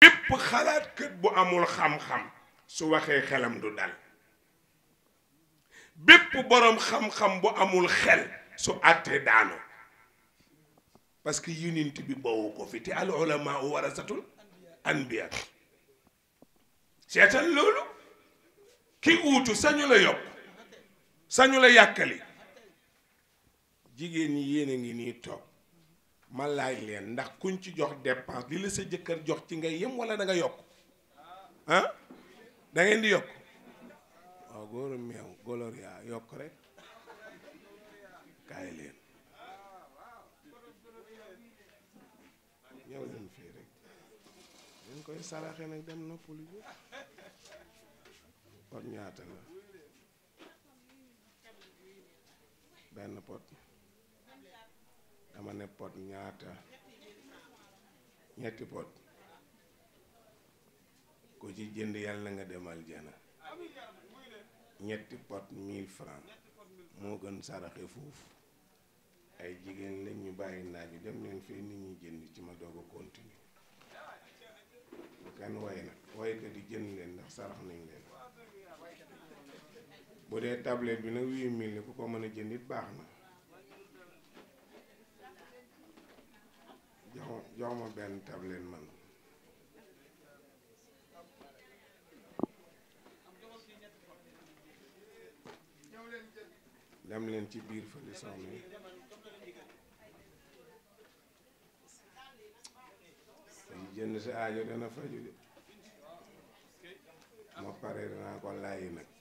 bépp xalaat kët bu amul xam-xam su waxee xelam du dal bépp boroom xam-xam bu amul xel su àttee daanu parce que yonent bi boowu ko fi te al ulamaa warasatul anbiya seetal loolu ki uutu sañu la yokk sañu la yàkkali jigéen ñi yéen a ngi nii toog ma laaj leen ndax kuñ ci jox dépense li la sa jëkkër jox ci nga yem wala danga yokk ah da di yokk waaw góoru meew Gloria yokk rek kaay leen ñëw leen fii rek dañ koy saraxe nag dem noppalu ji pot ñaata la benn pot ne pot ñaata ñetti pot ku ci jënd yàlla nga demal jana ñetti pot mille francs moo gën saraxe foofu ay jigéen lañ ñu bàyyi naaju dem leen fii nit ñi jënd ci ma doog a bu kenn way nag waykat yi jënd leen ndax sarax nañ leen bu dee tablette bi nag huit mille ku ko mën a jënd it baax na jox ma benn tablet man dem leen ci biir fële soxna yi jënd si aajo dana faju ma pare danaa ko laayi nag